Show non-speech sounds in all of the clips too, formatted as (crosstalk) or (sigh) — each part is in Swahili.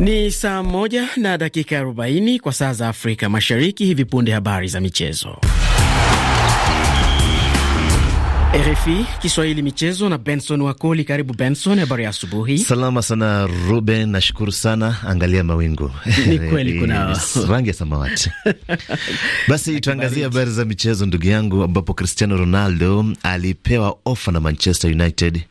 Ni saa moja na dakika arobaini kwa saa za Afrika Mashariki. Hivi punde habari za michezo RFI Kiswahili michezo na Benson Wakoli. Karibu Benson, habari ya asubuhi. Salama sana Ruben, nashukuru sana. Angalia mawingu, (laughs) ni kweli kuna (laughs) rangi ya samawati. (laughs) Basi tuangazie habari za michezo, ndugu yangu, ambapo Cristiano Ronaldo alipewa ofa na Manchester United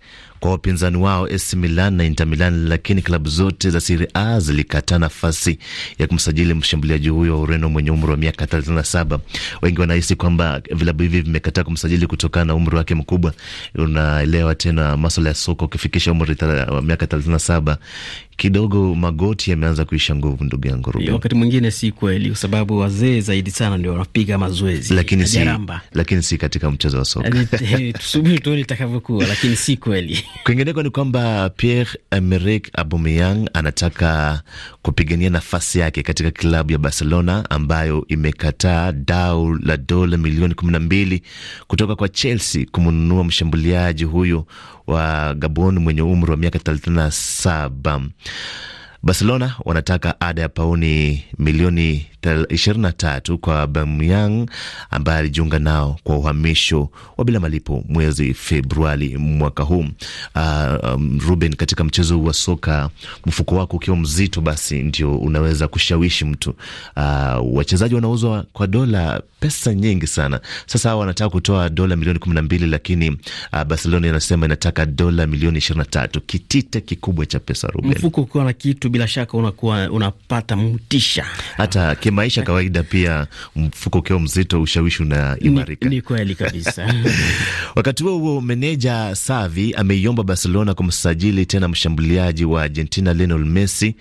kwa wapinzani wao AC Milan na Inter Milan, lakini klabu zote za Serie A zilikataa nafasi ya kumsajili mshambuliaji huyo wa Ureno mwenye umri wa miaka 37. Wengi wanahisi kwamba vilabu hivi vimekataa kumsajili kutokana na umri wake mkubwa. Unaelewa tena masuala ya soko ukifikisha umri wa miaka 37 kidogo magoti yameanza kuisha nguvu, ndugu yangu Ruben. Wakati mwingine si kweli, kwa sababu wazee zaidi sana ndio wanapiga mazoezi, lakini si, lakini si katika mchezo wa soka. Eh, eh, tusubiri tuone itakavyokuwa, lakini si kweli. (laughs) Kwingineko ni kwamba Pierre Emerick Aubameyang anataka kupigania nafasi yake katika klabu ya Barcelona ambayo imekataa dau la dola milioni kumi na mbili kutoka kwa Chelsea kumnunua mshambuliaji huyo wa Gabon mwenye umri wa miaka 37. Barcelona wanataka ada ya pauni milioni 23 kwa Bamyang ambaye alijiunga nao kwa uhamisho wa bila malipo mwezi Februari mwaka huu. Uh, um, Ruben, katika mchezo wa soka mfuko wako ukiwa mzito, basi ndio unaweza kushawishi mtu uh, wachezaji wanauzwa kwa dola pesa nyingi sana. Sasa hawa wanataka kutoa dola milioni kumi na mbili lakini uh, Barcelona inasema inataka dola milioni ishirini na tatu kitita kikubwa cha pesa Ruben. Mfuko ukiwa na kitu bila shaka unakuwa unapata mtisha hata kimaisha kawaida pia mfuko ukiwa mzito ushawishi unaimarika. Ni kweli kabisa. (laughs) Wakati huo huo, meneja Xavi ameiomba Barcelona kumsajili tena mshambuliaji wa Argentina Lionel Messi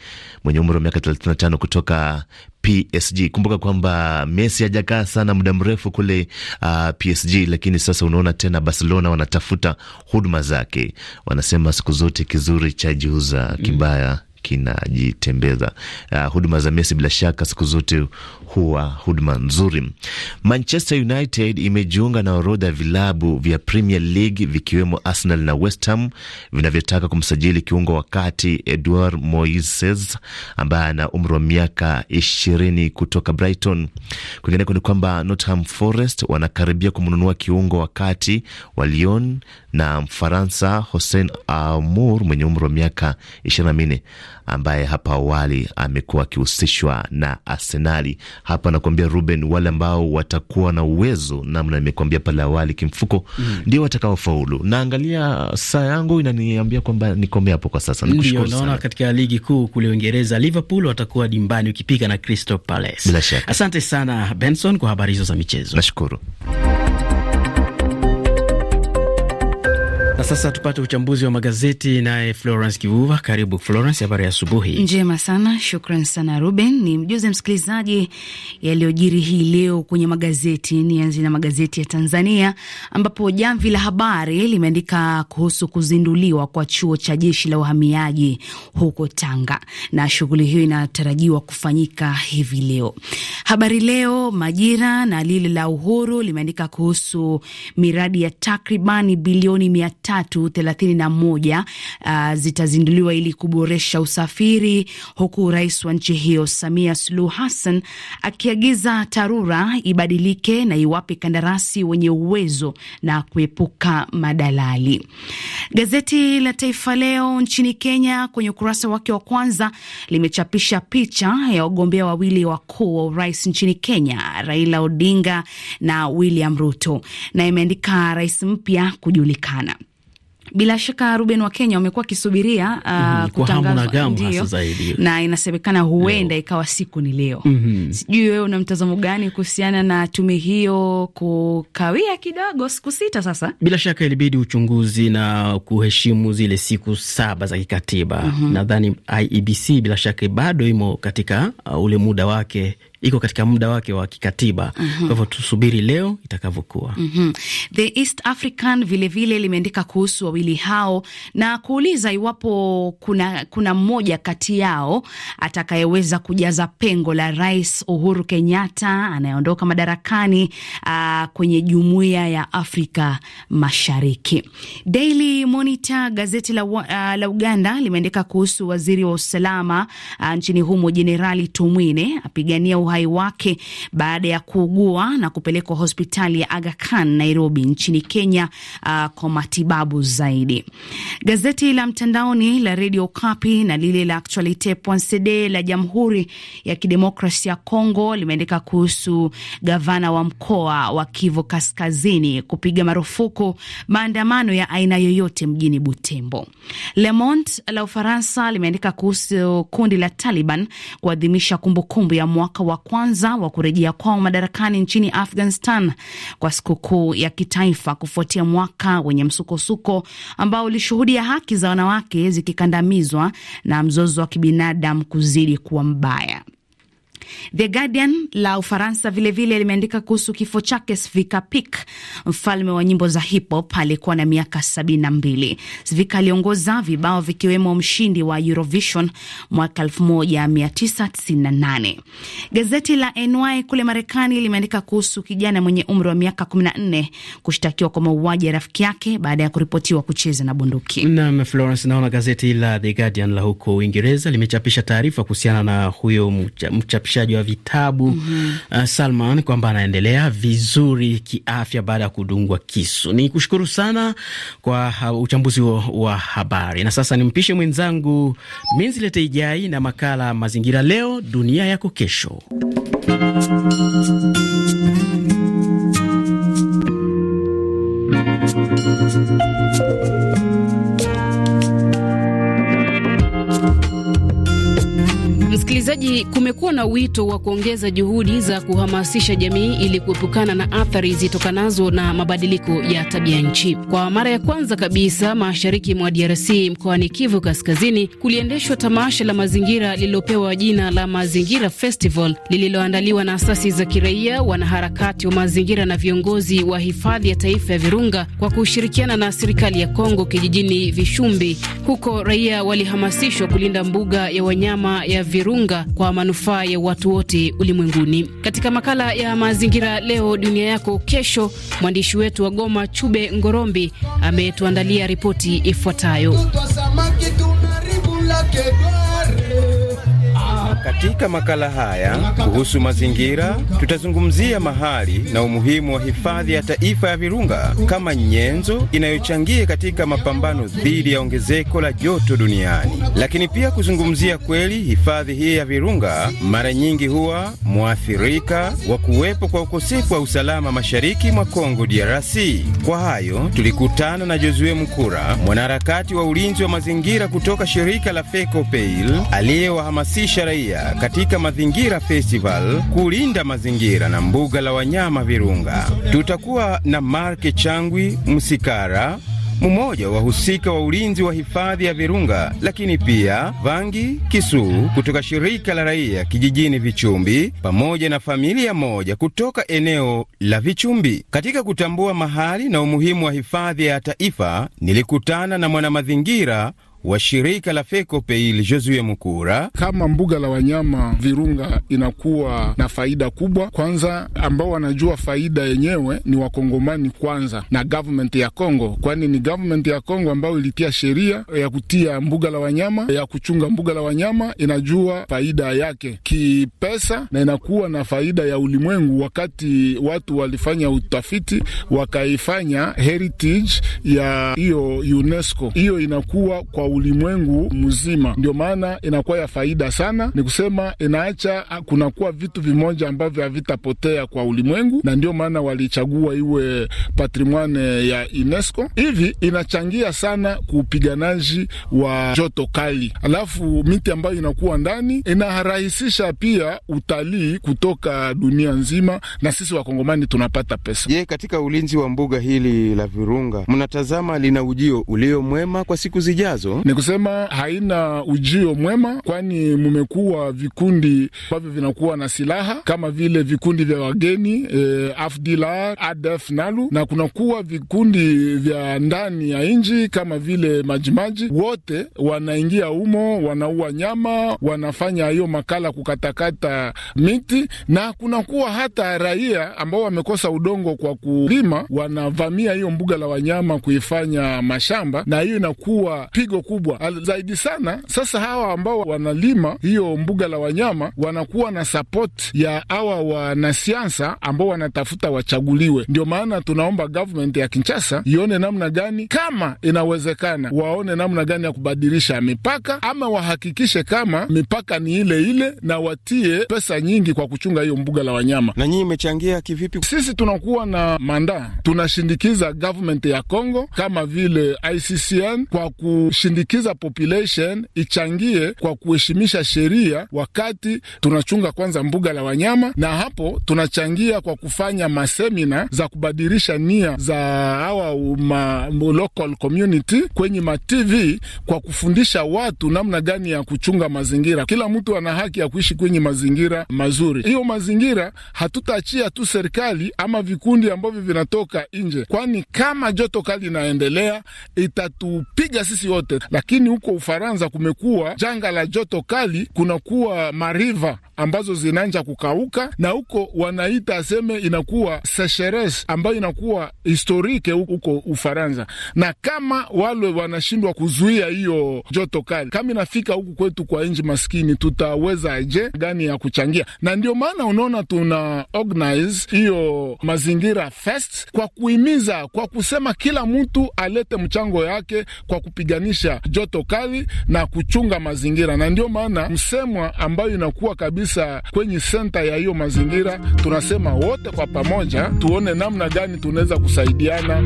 mwenye umri wa miaka 35 kutoka PSG. Kumbuka kwamba Messi hajakaa sana muda mrefu kule uh, PSG, lakini sasa unaona tena Barcelona wanatafuta huduma zake. Wanasema siku zote kizuri chajiuza mm. kibaya mm kinajitembeza. Uh, huduma za Messi bila shaka siku zote huwa huduma nzuri. Manchester United imejiunga na orodha ya vilabu vya Premier League vikiwemo Arsenal na West Ham vinavyotaka kumsajili kiungo wa kati Edward Moises ambaye ana umri wa miaka ishirini kutoka Brighton. Kwingineko ni kwamba Nottingham Forest wanakaribia kumnunua kiungo wa kati wa Lyon na Mfaransa Hossein Amour mwenye umri wa miaka 24 ambaye hapa awali amekuwa akihusishwa na Arsenali. Hapa anakuambia Ruben, wale ambao watakuwa na uwezo namna nimekuambia pale awali kimfuko mm, ndio watakaofaulu. Naangalia saa yangu inaniambia kwamba nikome hapo kwa sasa. Ndio naona katika ligi kuu kule Uingereza Liverpool watakuwa dimbani ukipiga na Crystal Palace. Bila shaka. Asante sana Benson kwa habari hizo za michezo. Nashukuru. Sasa tupate uchambuzi wa magazeti naye Florence Kivuva. Karibu Florence, habari ya asubuhi. Njema sana, shukran sana Ruben. Ni mjuze msikilizaji yaliyojiri hii leo kwenye magazeti. Nianze na magazeti ya Tanzania ambapo Jamvi la Habari limeandika kuhusu kuzinduliwa kwa chuo cha jeshi la uhamiaji huko Tanga, na shughuli hiyo inatarajiwa kufanyika hivi leo. Habari Leo, Majira na lile la Uhuru limeandika kuhusu miradi ya takribani bilioni mia tatu 331 uh, zitazinduliwa ili kuboresha usafiri, huku rais wa nchi hiyo Samia Suluhu Hassan akiagiza TARURA ibadilike na iwape kandarasi wenye uwezo na kuepuka madalali. Gazeti la Taifa Leo nchini Kenya kwenye ukurasa wake wa kwanza limechapisha picha ya wagombea wawili wakuu wa urais nchini Kenya, Raila Odinga na William Ruto, na imeandika rais mpya kujulikana. Bila shaka Ruben wa Kenya wamekuwa wakisubiria uh, mhm, kutangazwa ndio, na inasemekana huenda leo ikawa siku ni leo. mm -hmm. Sijui wewe una mtazamo gani kuhusiana na tume hiyo kukawia kidogo siku sita? Sasa bila shaka ilibidi uchunguzi na kuheshimu zile siku saba za kikatiba. mm -hmm. Nadhani IEBC bila shaka bado imo katika uh, ule muda wake iko katika muda wake wa kikatiba mm -hmm. Kwa mhm. hivyo tusubiri leo itakavyokuwa. mm -hmm. The East African vilevile limeandika kuhusu wawili hao na kuuliza iwapo kuna, kuna mmoja kati yao atakayeweza kujaza pengo la Rais Uhuru Kenyatta anayeondoka madarakani aa, ah, kwenye jumuiya ya Afrika Mashariki. Daily Monitor, gazeti la, uh, la Uganda limeandika kuhusu waziri wa usalama uh, nchini humo Jenerali Tumwine apigania uhai wake baada ya kuugua na kupelekwa hospitali ya Aga Khan Nairobi nchini Kenya uh, kwa matibabu zaidi. Gazeti la mtandaoni la Radio Kapi na lile la Actualite.cd la Jamhuri ya Kidemokrasia ya Kongo limeandika kuhusu gavana wa mkoa wa Kivu Kaskazini kupiga marufuku maandamano ya aina yoyote mjini Butembo. Le Monde la Ufaransa limeandika kuhusu kundi la Taliban kuadhimisha kumbukumbu ya mwaka wa kwanza wa kurejea kwao madarakani nchini Afghanistan kwa sikukuu ya kitaifa kufuatia mwaka wenye msukosuko ambao ulishuhudia haki za wanawake zikikandamizwa na mzozo wa kibinadamu kuzidi kuwa mbaya. The Guardian la Ufaransa vilevile limeandika kuhusu kifo chake Svika Pick, mfalme wa nyimbo za hip hop aliyekuwa na miaka sabini na mbili. Svika aliongoza vibao vikiwemo mshindi wa Eurovision mwaka 1998. Gazeti la NY kule Marekani limeandika kuhusu kijana mwenye umri wa miaka 14 kushtakiwa kwa mauaji ya rafiki yake baada ya kuripotiwa kucheza na bunduki. Naam, Florence, naona gazeti la The Guardian la huko Uingereza limechapisha taarifa kuhusiana na huyo mchapishaji uchapishaji wa vitabu mm -hmm. uh, Salman kwamba anaendelea vizuri kiafya baada ya kudungwa kisu. Ni kushukuru sana kwa uchambuzi wa, wa habari, na sasa nimpishe mwenzangu Minzilete Ijai na makala Mazingira Leo Dunia Yako Kesho. Msikilizaji, kumekuwa na wito wa kuongeza juhudi za kuhamasisha jamii ili kuepukana na athari zitokanazo na mabadiliko ya tabia nchi. Kwa mara ya kwanza kabisa mashariki mwa DRC mkoani Kivu Kaskazini kuliendeshwa tamasha la mazingira lililopewa jina la Mazingira Festival lililoandaliwa na asasi za kiraia, wanaharakati wa mazingira na viongozi wa hifadhi ya taifa ya Virunga kwa kushirikiana na serikali ya Kongo kijijini Vishumbi. Huko raia walihamasishwa kulinda mbuga ya wanyama ya Virunga kujiunga kwa manufaa ya watu wote ulimwenguni. Katika makala ya mazingira leo dunia yako kesho, mwandishi wetu wa Goma Chube Ngorombi ametuandalia ripoti ifuatayo. Katika makala haya kuhusu mazingira, tutazungumzia mahali na umuhimu wa hifadhi ya taifa ya Virunga kama nyenzo inayochangia katika mapambano dhidi ya ongezeko la joto duniani, lakini pia kuzungumzia kweli hifadhi hii ya Virunga mara nyingi huwa mwathirika wa kuwepo kwa ukosefu wa usalama mashariki mwa Kongo DRC. Kwa hayo tulikutana na Josue Mkura, mwanaharakati wa ulinzi wa mazingira kutoka shirika la FECOPEIL aliyewahamasisha raia katika mazingira festival kulinda mazingira na mbuga la wanyama Virunga. Tutakuwa na Marke Changwi Msikara, mmoja wa husika wa ulinzi wa hifadhi ya Virunga, lakini pia Vangi Kisuu kutoka shirika la raia kijijini Vichumbi, pamoja na familia moja kutoka eneo la Vichumbi. Katika kutambua mahali na umuhimu wa hifadhi ya taifa, nilikutana na mwanamazingira wa shirika la FECOPEIL Josue Mukura. Kama mbuga la wanyama Virunga inakuwa na faida kubwa, kwanza ambao wanajua faida yenyewe ni wakongomani kwanza na government ya Kongo, kwani ni government ya Kongo ambayo ilitia sheria ya kutia mbuga la wanyama ya kuchunga mbuga la wanyama, inajua faida yake kipesa na inakuwa na faida ya ulimwengu. Wakati watu walifanya utafiti wakaifanya heritage ya hiyo UNESCO, hiyo inakuwa kwa ulimwengu mzima. Ndio maana inakuwa ya faida sana, ni kusema inaacha ah, kunakuwa vitu vimoja ambavyo havitapotea kwa ulimwengu, na ndio maana walichagua iwe patrimoine ya UNESCO. Hivi inachangia sana kuupiganaji wa joto kali, alafu miti ambayo inakuwa ndani inarahisisha pia utalii kutoka dunia nzima, na sisi wakongomani tunapata pesa. Je, katika ulinzi wa mbuga hili la Virunga mnatazama lina ujio ulio mwema kwa siku zijazo? Mm-hmm. ni kusema haina ujio mwema, kwani mumekuwa vikundi ambavyo vinakuwa na silaha kama vile vikundi vya wageni e, eh, AFDLR, ADF NALU, na kunakuwa vikundi vya ndani ya nchi kama vile Majimaji. Wote wanaingia humo, wanaua nyama, wanafanya hiyo makala kukatakata miti, na kunakuwa hata raia ambao wamekosa udongo kwa kulima, wanavamia hiyo mbuga la wanyama kuifanya mashamba, na hiyo inakuwa pigo kubwa zaidi sana. Sasa hawa ambao wanalima hiyo mbuga la wanyama wanakuwa na support ya hawa wanasiasa ambao wanatafuta wachaguliwe. Ndio maana tunaomba government ya Kinshasa ione namna gani kama inawezekana, waone namna gani ya kubadilisha mipaka ama wahakikishe kama mipaka ni ile ile, na watie pesa nyingi kwa kuchunga hiyo mbuga la wanyama. Na nyinyi imechangia kivipi? Sisi tunakuwa na manda, tunashindikiza government ya Congo kama vile ICCN kwa kushindikiza kusindikiza population ichangie kwa kuheshimisha sheria, wakati tunachunga kwanza mbuga la wanyama, na hapo tunachangia kwa kufanya masemina za kubadilisha nia za hawa local community kwenye ma TV kwa kufundisha watu namna gani ya kuchunga mazingira. Kila mtu ana haki ya kuishi kwenye mazingira mazuri. Hiyo mazingira hatutaachia tu serikali ama vikundi ambavyo vinatoka nje, kwani kama joto kali inaendelea itatupiga sisi wote lakini huko Ufaransa kumekuwa janga la joto kali, kunakuwa mariva ambazo zinaanja kukauka, na huko wanaita aseme inakuwa sesheres ambayo inakuwa historike huko Ufaransa. Na kama wale wanashindwa kuzuia hiyo joto kali, kama inafika huku kwetu kwa nchi maskini, tutaweza je gani ya kuchangia? Na ndio maana unaona tuna organize hiyo mazingira fest kwa kuhimiza, kwa kusema kila mtu alete mchango yake kwa kupiganisha joto kali na kuchunga mazingira, na ndio maana msemwa ambayo inakuwa kabisa kwenye senta ya hiyo mazingira, tunasema wote kwa pamoja tuone namna gani tunaweza kusaidiana.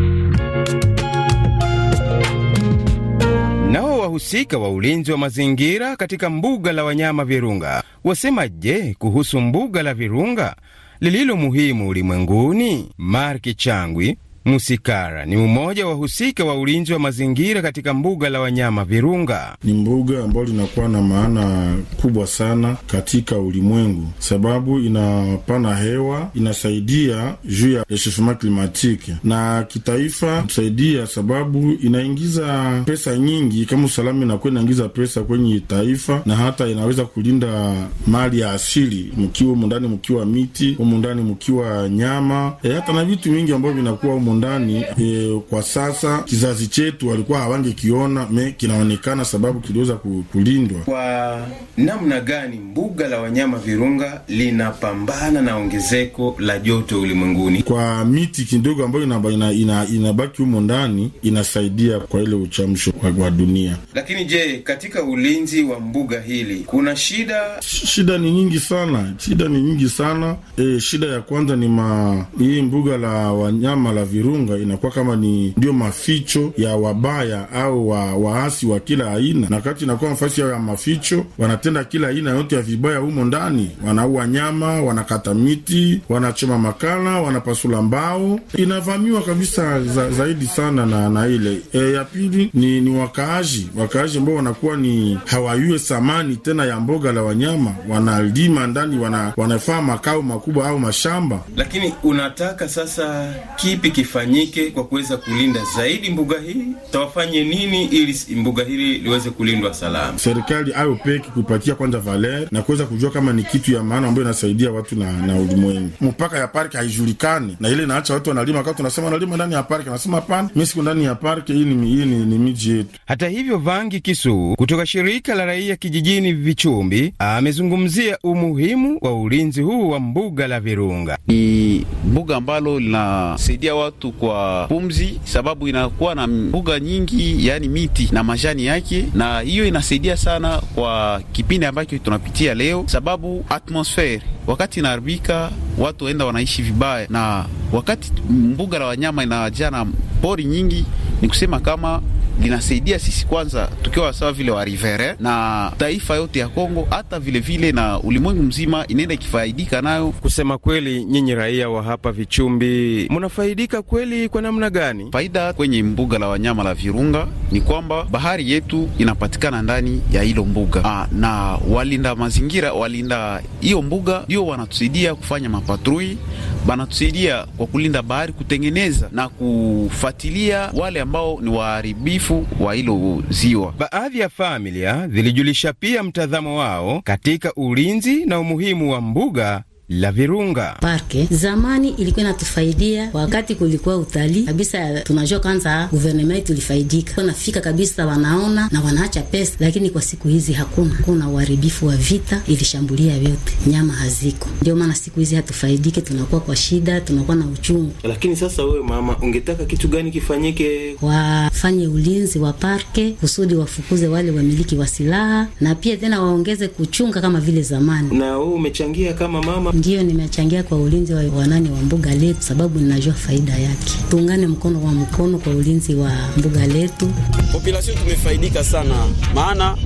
Nao wahusika wa ulinzi wa mazingira katika mbuga la wanyama Virunga wasema je kuhusu mbuga la Virunga lililo muhimu ulimwenguni? Mark Changwi Musikara ni mmoja wa husika wa ulinzi wa mazingira katika mbuga la wanyama Virunga. Ni mbuga ambayo linakuwa na maana kubwa sana katika ulimwengu, sababu inapana hewa, inasaidia juu ya reshefema klimatike na kitaifa kusaidia, sababu inaingiza pesa nyingi. Kama usalama inakuwa inaingiza pesa kwenye taifa, na hata inaweza kulinda mali ya asili, mkiwa umundani, mkiwa miti umundani, mkiwa nyama e, hata na vitu vingi ambavyo vinakuwa undani e, kwa sasa kizazi chetu walikuwa hawangekiona me kinaonekana, sababu kiliweza kulindwa kwa namna gani. Mbuga la wanyama Virunga linapambana na ongezeko la joto ulimwenguni kwa miti kidogo ambayo inabaki ina, ina, ina humo ndani inasaidia kwa ile uchamsho wa dunia. Lakini je, katika ulinzi wa mbuga hili kuna shida? Shida ni nyingi sana, shida ni nyingi sana. E, shida ya kwanza ni ma hii mbuga la wanyama la Virunga Virunga inakuwa kama ni ndio maficho ya wabaya au wa, waasi wa kila aina, na wakati inakuwa nafasi yao ya maficho, wanatenda kila aina yote ya vibaya humo ndani. Wanaua nyama, wanakata miti, wanachoma makala, wanapasula mbao, inavamiwa kabisa za, zaidi sana na, na ile e, ya pili ni, ni wakaaji wakaaji ambao wanakuwa ni hawayue samani tena ya mboga la wanyama, wanalima ndani, wana, wanafaa makao makubwa au mashamba, lakini unataka sasa kipi kif ifanyike kwa kuweza kulinda zaidi mbuga hii? Tawafanye nini ili mbuga hili liweze kulindwa salama? Serikali ayo peke kupatia kwanza valer na kuweza kujua kama ni kitu ya maana ambayo inasaidia watu na, na ulimwengu. Mpaka ya parki haijulikani na ile inaacha watu wanalima, wakati tunasema wanalima ndani ya parki, anasema hapana, mimi siko ndani ya parki hii, ni, hii ni, ni miji yetu. Hata hivyo, Vangi Kisu kutoka shirika la raia kijijini Vichumbi amezungumzia umuhimu wa ulinzi huu wa mbuga la Virunga. Ni mbuga ambalo linasaidia watu watu kwa pumzi, sababu inakuwa na mbuga nyingi, yani miti na majani yake, na hiyo inasaidia sana kwa kipindi ambacho tunapitia leo, sababu atmosfere wakati inaharibika, watu waenda wanaishi vibaya, na wakati mbuga la wanyama inajaa na pori nyingi, ni kusema kama linasaidia sisi kwanza, tukiwa sawa vile wa rivere eh, na taifa yote ya Kongo, hata vilevile vile na ulimwengu mzima inaenda ikifaidika nayo. Kusema kweli, nyinyi raia wa hapa Vichumbi mnafaidika kweli kwa namna gani? Faida kwenye mbuga la wanyama la Virunga ni kwamba bahari yetu inapatikana ndani ya hilo mbuga ah, na walinda mazingira, walinda hiyo mbuga ndio wanatusaidia kufanya mapatrui banatusaidia kwa kulinda bahari, kutengeneza na kufuatilia wale ambao ni waharibifu wa hilo ziwa. Baadhi ya familia zilijulisha pia mtazamo wao katika ulinzi na umuhimu wa mbuga la Virunga parke zamani ilikuwa inatufaidia wakati kulikuwa utalii kabisa. Tunajua kwanza guvernema tulifaidika, wanafika kabisa, wanaona na wanaacha pesa, lakini kwa siku hizi hakuna. Kuna uharibifu wa vita, ilishambulia vyote, nyama haziko, ndio maana siku hizi hatufaidike, tunakuwa kwa shida, tunakuwa na uchungu. Lakini sasa wewe mama, ungetaka kitu gani kifanyike? Wafanye ulinzi wa parke kusudi wafukuze wale wamiliki wa silaha, na pia tena waongeze kuchunga kama vile zamani. Na wewe umechangia kama mama Ndiyo, nimechangia kwa ulinzi wa wanani wa mbuga letu, sababu ninajua faida yake. Tuungane mkono kwa mkono kwa ulinzi wa mbuga letu. Population tumefaidika sana, maana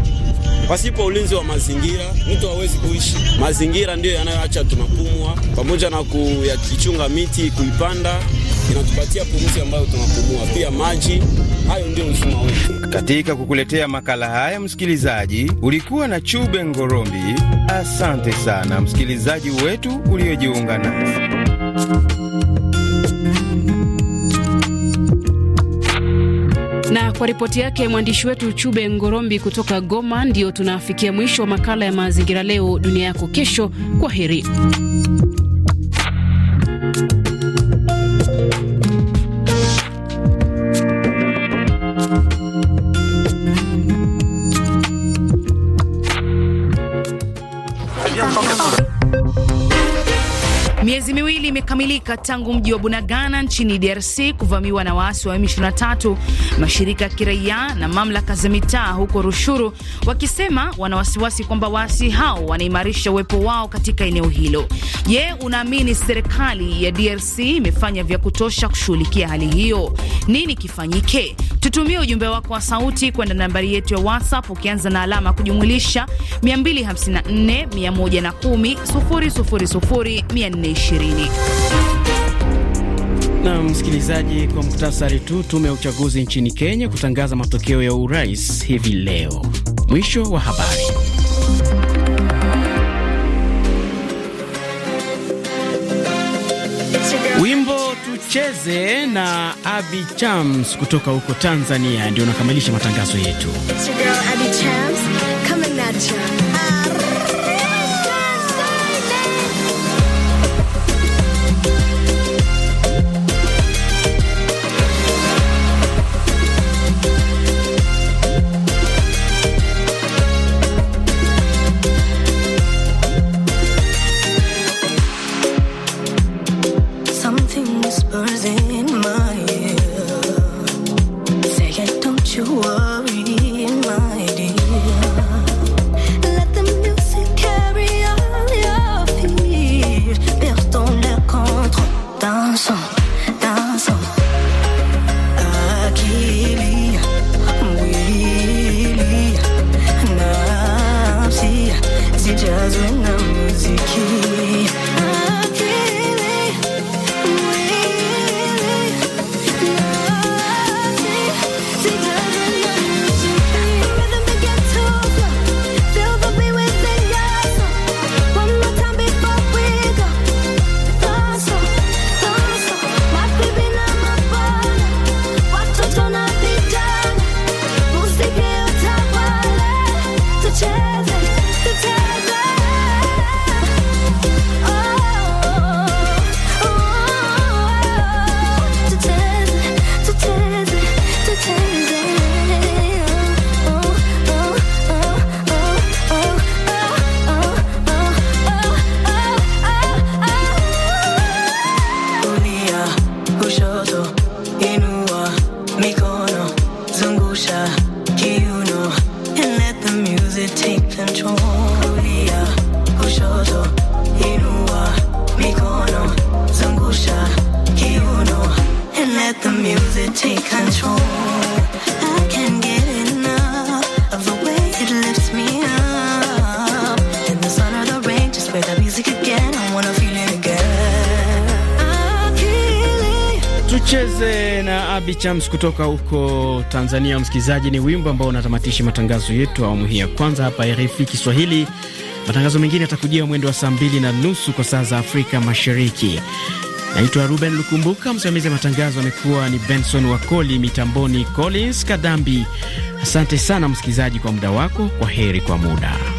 pasipo ulinzi wa mazingira mtu hawezi kuishi. Mazingira ndiyo yanayoacha tunapumua, pamoja na kuyakichunga miti, kuipanda inatupatia pumzi ambayo tunapumua kutupatia maji. Hayo ndio mfumo wetu. Katika kukuletea makala haya, msikilizaji, ulikuwa na Chube Ngorombi. Asante sana msikilizaji wetu uliojiunga nasi. Na kwa ripoti yake mwandishi wetu Chube Ngorombi kutoka Goma, ndio tunafikia mwisho wa makala ya mazingira leo, dunia yako kesho. Kwa heri. Miezi miwili imekamilika tangu mji wa Bunagana nchini DRC kuvamiwa na waasi wa M23, mashirika ya kiraia na mamlaka za mitaa huko Rushuru wakisema wana wasiwasi kwamba waasi hao wanaimarisha uwepo wao katika eneo hilo. Je, unaamini serikali ya DRC imefanya vya kutosha kushughulikia hali hiyo? Nini kifanyike? Tutumie ujumbe wako wa sauti kwenda nambari yetu ya WhatsApp ukianza na alama kujumulisha 254 110 000 420. Na msikilizaji, kwa muktasari tu, tume ya uchaguzi nchini Kenya kutangaza matokeo ya urais hivi leo. Mwisho wa habari. tucheze na Abi Chams kutoka huko Tanzania. Ndio nakamilisha matangazo yetu. Chams kutoka huko Tanzania. Msikilizaji, ni wimbo ambao unatamatisha matangazo yetu awamu hii ya kwanza hapa RFI Kiswahili. Matangazo mengine yatakujia mwendo wa saa mbili na nusu kwa saa za Afrika Mashariki. Naitwa Ruben Lukumbuka, msimamizi wa matangazo amekuwa ni Benson Wakoli, mitamboni Collins Kadambi. Asante sana msikilizaji kwa muda wako. Kwa heri kwa muda.